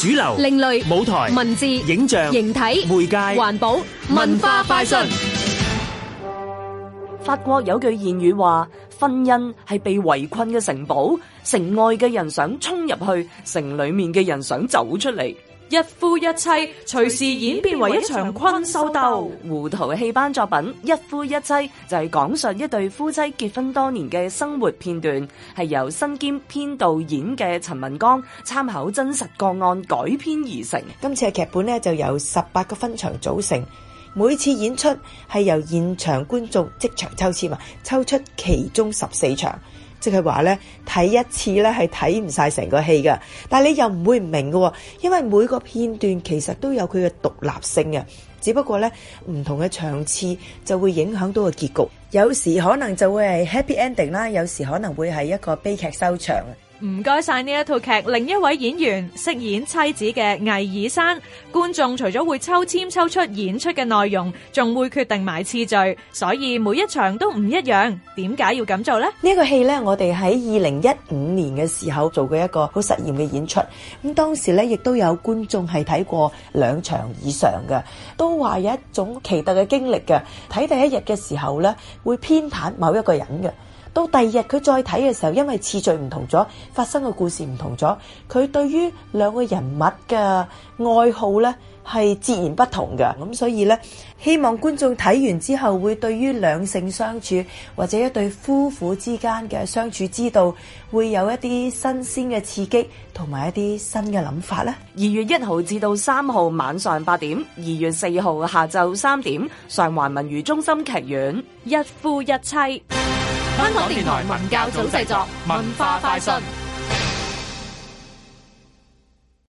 主流、另類、舞台、文字、影像、形體、媒介、環保、文化、快訊。法國有句諺語話：婚姻係被圍困嘅城堡，城外嘅人想衝入去，城裏面嘅人想走出嚟。一夫一妻隨時演變為一場困獸鬥，胡塗戲班作品《一夫一妻》就係、是、講述一對夫妻結婚多年嘅生活片段，係由身兼編導演嘅陳文剛參考真實個案改編而成。今次嘅劇本呢，就由十八個分場組成，每次演出係由現場觀眾即場抽簽啊，抽出其中十四場。即係話咧，睇一次咧係睇唔晒成個戲噶，但你又唔會唔明嘅喎，因為每個片段其實都有佢嘅獨立性㗎。只不過咧，唔同嘅場次就會影響到個結局，有時可能就會係 happy ending 啦，有時可能會係一個悲劇收場。唔該晒呢一套劇，另一位演員飾演妻子嘅魏爾山。觀眾除咗會抽簽抽出演出嘅內容，仲會決定埋次序，所以每一場都唔一樣。點解要咁做呢？呢個戲呢，我哋喺二零一五年嘅時候做過一個好實驗嘅演出。咁當時呢，亦都有觀眾係睇過兩場以上嘅，都話有一種奇特嘅經歷嘅。睇第一日嘅時候呢，會偏袒某一個人嘅。到第二日佢再睇嘅時候，因為次序唔同咗，發生嘅故事唔同咗，佢對於兩個人物嘅愛好咧係截然不同嘅。咁所以咧，希望觀眾睇完之後會對於兩性相處或者一對夫婦之間嘅相處之道，會有一啲新鮮嘅刺激同埋一啲新嘅諗法咧。二月一號至到三號晚上八點，二月四號下晝三點，上環文娛中心劇院《一夫一妻》。香港電台文教組製作，文化快訊。